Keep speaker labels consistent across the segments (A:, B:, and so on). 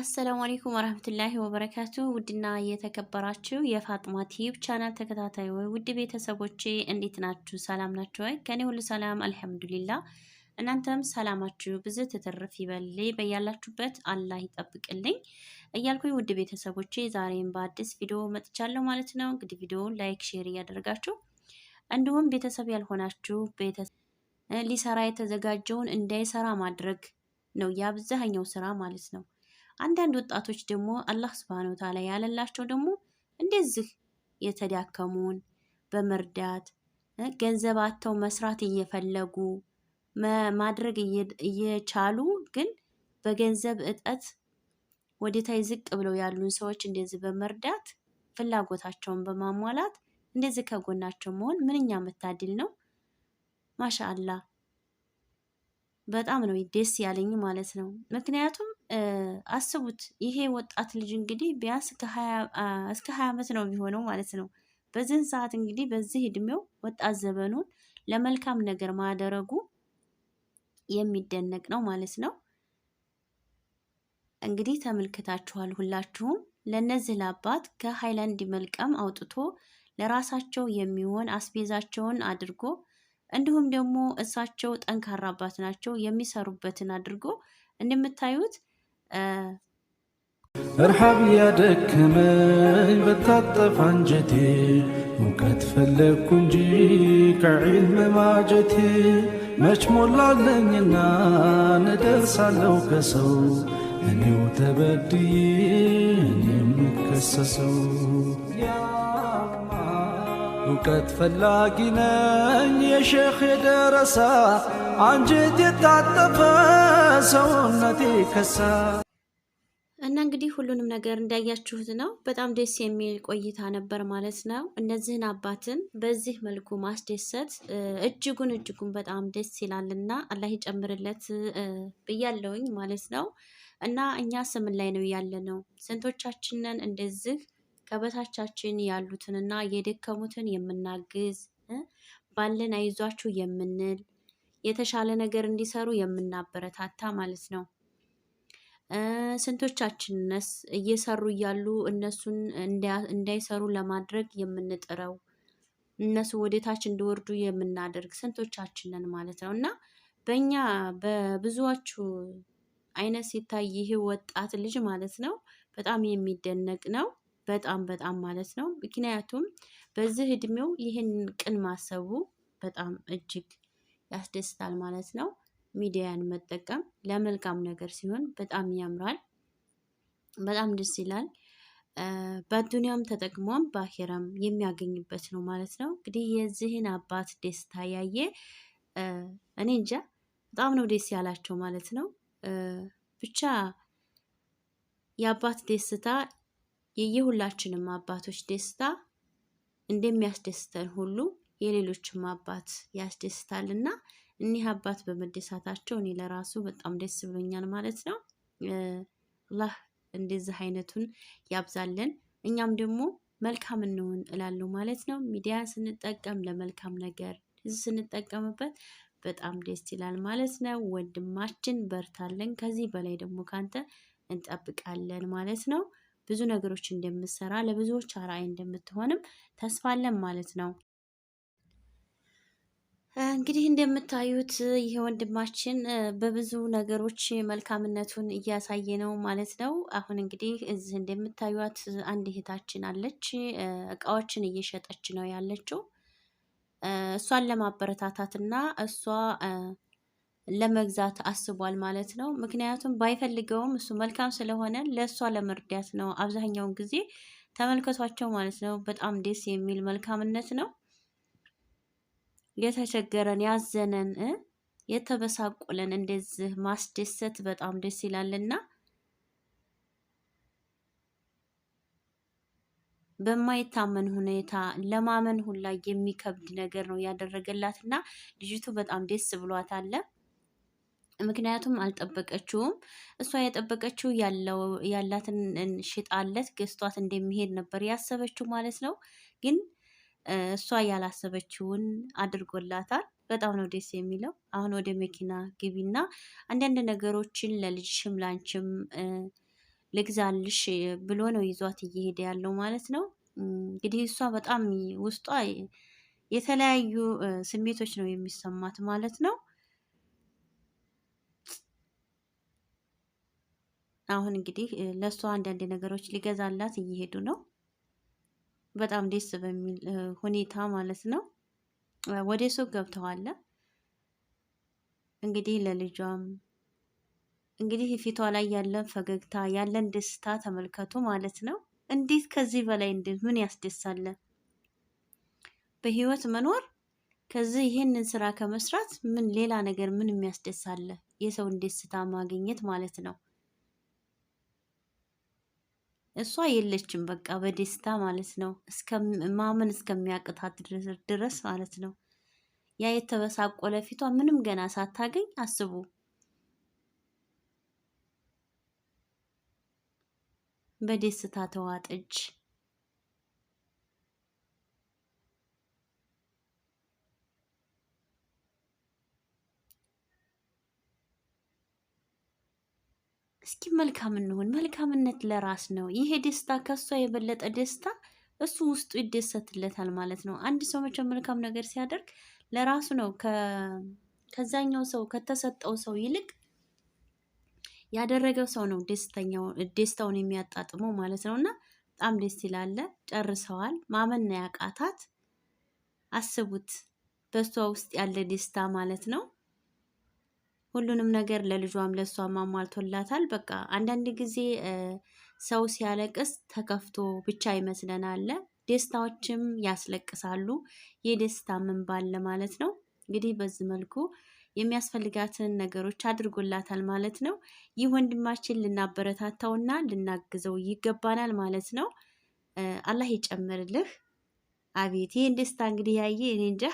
A: አሰላሙ አሌይኩም ወረህመቱላሂ ወበረካቱ። ውድና የተከበራችሁ የፋጥማ ቲዩብ ቻናል ተከታታይ ወይ ውድ ቤተሰቦቼ እንዴት ናችሁ? ሰላም ናችሁ ወይ? ከኔ ሁሉ ሰላም አልሐምዱሊላ። እናንተም ሰላማችሁ ብዙ ትትርፍ ይበል በያላችሁበት አላህ ይጠብቅልኝ እያልኩኝ ውድ ቤተሰቦቼ ዛሬም በአዲስ ቪዲዮ መጥቻለሁ ማለት ነው። እንግዲህ ቪዲዮውን ላይክ፣ ሼር እያደረጋችሁ እንዲሁም ቤተሰብ ያልሆናችሁ ሊሰራ የተዘጋጀውን እንዳይሰራ ማድረግ ነው የአብዛኛው ስራ ማለት ነው። አንዳንድ ወጣቶች ደግሞ አላህ ስብሃነሁ ወተዓላ ያለላቸው ደግሞ እንደዚህ የተዳከሙን በመርዳት ገንዘብ አጥተው መስራት እየፈለጉ ማድረግ እየቻሉ ግን በገንዘብ እጠት ወደታይ ዝቅ ብለው ያሉን ሰዎች እንደዚህ በመርዳት ፍላጎታቸውን በማሟላት እንደዚህ ከጎናቸው መሆን ምንኛ መታደል ነው። ማሻአላ በጣም ነው ደስ ያለኝ ማለት ነው። ምክንያቱም አስቡት ይሄ ወጣት ልጅ እንግዲህ ቢያንስ እስከ ሀያ ዓመት ነው የሚሆነው ማለት ነው። በዚህን ሰዓት እንግዲህ በዚህ እድሜው ወጣት ዘመኑን ለመልካም ነገር ማደረጉ የሚደነቅ ነው ማለት ነው። እንግዲህ ተመልክታችኋል ሁላችሁም። ለእነዚህ ለአባት ከሀይላንድ መልቀም አውጥቶ ለራሳቸው የሚሆን አስቤዛቸውን አድርጎ እንዲሁም ደግሞ እሳቸው ጠንካራ አባት ናቸው የሚሰሩበትን አድርጎ እንደምታዩት እርሃብ ያደከመኝ በታጠፋ አንጀቴ እውቀት ፈለግኩ እንጂ ከዒልም ማጀቴ መች ሞላለኝና እንደርሳለሁ ከሰው እኔው ተበድዬ እኔም ከሰሰው እውቀት ፈላጊ ነኝ የሼኽ የደረሳ አንጀት የታጠፈ ሰውነት ከሳ። እና እንግዲህ ሁሉንም ነገር እንዳያችሁት ነው። በጣም ደስ የሚል ቆይታ ነበር ማለት ነው። እነዚህን አባትን በዚህ መልኩ ማስደሰት እጅጉን እጅጉን በጣም ደስ ይላል እና አላህ ይጨምርለት ብያለውኝ ማለት ነው። እና እኛ ስምን ላይ ነው ያለ ነው። ስንቶቻችንን እንደዚህ ከበታቻችን ያሉትንና የደከሙትን የምናግዝ ባለን አይዟችሁ የምንል የተሻለ ነገር እንዲሰሩ የምናበረታታ ማለት ነው። ስንቶቻችን ነስ እየሰሩ እያሉ እነሱን እንዳይሰሩ ለማድረግ የምንጥረው እነሱ ወደታች እንዲወርዱ የምናደርግ ስንቶቻችንን ማለት ነው። እና በእኛ በብዙዎቹ አይነት ሲታይ ይህ ወጣት ልጅ ማለት ነው በጣም የሚደነቅ ነው። በጣም በጣም ማለት ነው። ምክንያቱም በዚህ እድሜው ይህን ቅን ማሰቡ በጣም እጅግ ያስደስታል ማለት ነው። ሚዲያን መጠቀም ለመልካም ነገር ሲሆን በጣም ያምራል፣ በጣም ደስ ይላል። በአዱኒያም ተጠቅሞም በአሄራም የሚያገኝበት ነው ማለት ነው። እንግዲህ የዚህን አባት ደስታ ያየ እኔ እንጃ በጣም ነው ደስ ያላቸው ማለት ነው። ብቻ የአባት ደስታ የየሁላችንም አባቶች ደስታ እንደሚያስደስተን ሁሉ የሌሎችም አባት ያስደስታልና እኒህ አባት በመደሳታቸው እኔ ለራሱ በጣም ደስ ብሎኛል ማለት ነው። አላህ እንደዚህ አይነቱን ያብዛለን። እኛም ደግሞ መልካም እንሆን እላለሁ ማለት ነው። ሚዲያ ስንጠቀም ለመልካም ነገር ስንጠቀምበት በጣም ደስ ይላል ማለት ነው። ወንድማችን በርታለን፣ ከዚህ በላይ ደግሞ ካንተ እንጠብቃለን ማለት ነው። ብዙ ነገሮች እንደምትሰራ ለብዙዎች አርአያ እንደምትሆንም ተስፋለን ማለት ነው። እንግዲህ እንደምታዩት ይሄ ወንድማችን በብዙ ነገሮች መልካምነቱን እያሳየ ነው ማለት ነው። አሁን እንግዲህ እዚህ እንደምታዩት አንድ እህታችን አለች፣ እቃዎችን እየሸጠች ነው ያለችው። እሷን ለማበረታታት እና እሷ ለመግዛት አስቧል ማለት ነው። ምክንያቱም ባይፈልገውም እሱ መልካም ስለሆነ ለእሷ ለመርዳት ነው። አብዛኛውን ጊዜ ተመልከቷቸው ማለት ነው። በጣም ደስ የሚል መልካምነት ነው። የተቸገረን ያዘነን፣ የተበሳቆለን እንደዚህ ማስደሰት በጣም ደስ ይላልና በማይታመን ሁኔታ ለማመን ሁላ የሚከብድ ነገር ነው ያደረገላት እና ልጅቱ በጣም ደስ ብሏት አለ። ምክንያቱም አልጠበቀችውም። እሷ የጠበቀችው ያላትን ሽጣለት ገዝቷት እንደሚሄድ ነበር ያሰበችው ማለት ነው። ግን እሷ ያላሰበችውን አድርጎላታል። በጣም ነው ደስ የሚለው። አሁን ወደ መኪና ግቢና አንዳንድ ነገሮችን ለልጅሽም ላንቺም ልግዛልሽ ብሎ ነው ይዟት እየሄደ ያለው ማለት ነው። እንግዲህ እሷ በጣም ውስጧ የተለያዩ ስሜቶች ነው የሚሰማት ማለት ነው። አሁን እንግዲህ ለእሷ አንዳንድ ነገሮች ሊገዛላት እየሄዱ ነው። በጣም ደስ በሚል ሁኔታ ማለት ነው። ወደ ሱቅ ገብተዋል። እንግዲህ ለልጇም እንግዲህ ፊቷ ላይ ያለን ፈገግታ ያለን ደስታ ተመልከቱ ማለት ነው። እንዴት ከዚህ በላይ እንዴት ምን ያስደሳለ? በህይወት መኖር ከዚህ ይህንን ስራ ከመስራት ምን ሌላ ነገር ምን የሚያስደሳለ? የሰውን ደስታ ማግኘት ማለት ነው። እሷ የለችም በቃ በደስታ ማለት ነው። ማመን እስከሚያቅታት ድረስ ማለት ነው። ያ የተበሳቆለ ፊቷ ምንም ገና ሳታገኝ አስቡ። በደስታ ተዋጠች። እስኪ መልካም እንሁን። መልካምነት ለራስ ነው። ይሄ ደስታ ከእሷ የበለጠ ደስታ እሱ ውስጡ ይደሰትለታል ማለት ነው። አንድ ሰው መቼም መልካም ነገር ሲያደርግ ለራሱ ነው ከዛኛው ሰው ከተሰጠው ሰው ይልቅ ያደረገው ሰው ነው ደስታውን የሚያጣጥመው ማለት ነው። እና በጣም ደስ ይላለ። ጨርሰዋል። ማመን ያቃታት አስቡት፣ በእሷ ውስጥ ያለ ደስታ ማለት ነው። ሁሉንም ነገር ለልጇም ለእሷም አሟልቶላታል። በቃ አንዳንድ ጊዜ ሰው ሲያለቅስ ተከፍቶ ብቻ ይመስለናል። ደስታዎችም ያስለቅሳሉ። የደስታ ምንባል ማለት ነው። እንግዲህ በዚህ መልኩ የሚያስፈልጋትን ነገሮች አድርጎላታል ማለት ነው። ይህ ወንድማችን ልናበረታታውና ልናግዘው ይገባናል ማለት ነው። አላህ ይጨምርልህ። አቤት ይህን ደስታ እንግዲህ ያየ እኔ እንጃ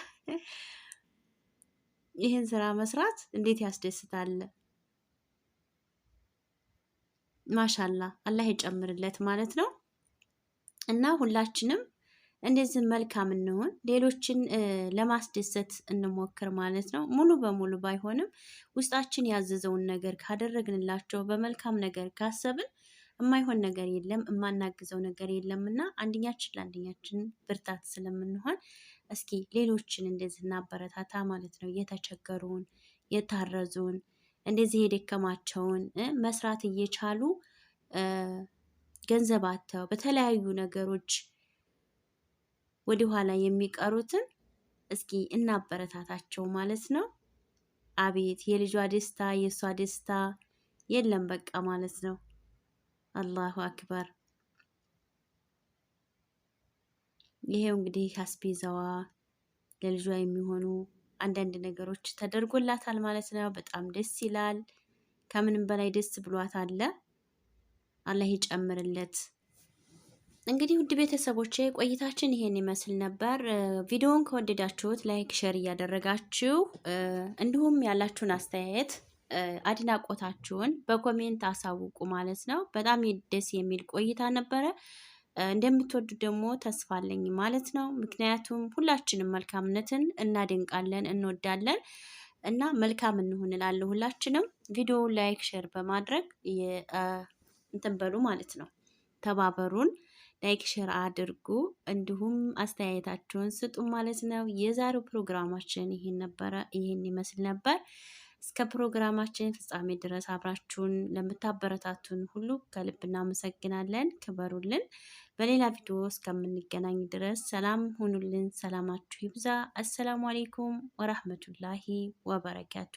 A: ይህን ስራ መስራት እንዴት ያስደስታል። ማሻላ አላህ ይጨምርለት ማለት ነው። እና ሁላችንም እንደዚህ መልካም እንሆን፣ ሌሎችን ለማስደሰት እንሞክር ማለት ነው። ሙሉ በሙሉ ባይሆንም ውስጣችን ያዘዘውን ነገር ካደረግንላቸው በመልካም ነገር ካሰብን የማይሆን ነገር የለም፣ የማናግዘው ነገር የለም እና አንደኛችን ለአንደኛችን ብርታት ስለምንሆን እስኪ ሌሎችን እንደዚህ እናበረታታ ማለት ነው። የተቸገሩን፣ የታረዙን፣ እንደዚህ የደከማቸውን መስራት እየቻሉ ገንዘብ በተለያዩ ነገሮች ወደኋላ የሚቀሩትን እስኪ እናበረታታቸው ማለት ነው። አቤት የልጇ ደስታ የእሷ ደስታ የለም በቃ ማለት ነው። አላሁ አክበር ይሄው እንግዲህ አስቤዛዋ ለልጇ የሚሆኑ አንዳንድ ነገሮች ተደርጎላታል ማለት ነው። በጣም ደስ ይላል። ከምንም በላይ ደስ ብሏት አለ አላህ ይጨምርለት። እንግዲህ ውድ ቤተሰቦቼ ቆይታችን ይሄን ይመስል ነበር። ቪዲዮውን ከወደዳችሁት ላይክ፣ ሸር እያደረጋችሁ እንዲሁም ያላችሁን አስተያየት አድናቆታችሁን በኮሜንት አሳውቁ ማለት ነው። በጣም ደስ የሚል ቆይታ ነበረ። እንደምትወዱ ደግሞ ተስፋ አለኝ ማለት ነው። ምክንያቱም ሁላችንም መልካምነትን እናደንቃለን፣ እንወዳለን እና መልካም እንሆን ሁላችንም ቪዲዮ ላይክ፣ ሼር በማድረግ እንትን በሉ ማለት ነው። ተባበሩን። ላይክ ሼር አድርጉ፣ እንዲሁም አስተያየታችሁን ስጡ ማለት ነው። የዛሬው ፕሮግራማችን ይህን ነበረ፣ ይህን ይመስል ነበር። እስከ ፕሮግራማችን ፍጻሜ ድረስ አብራችሁን ለምታበረታቱን ሁሉ ከልብ እናመሰግናለን። ክበሩልን። በሌላ ቪዲዮ እስከምንገናኝ ድረስ ሰላም ሁኑልን። ሰላማችሁ ይብዛ። አሰላሙ አሌይኩም ወራህመቱላሂ ወበረካቱ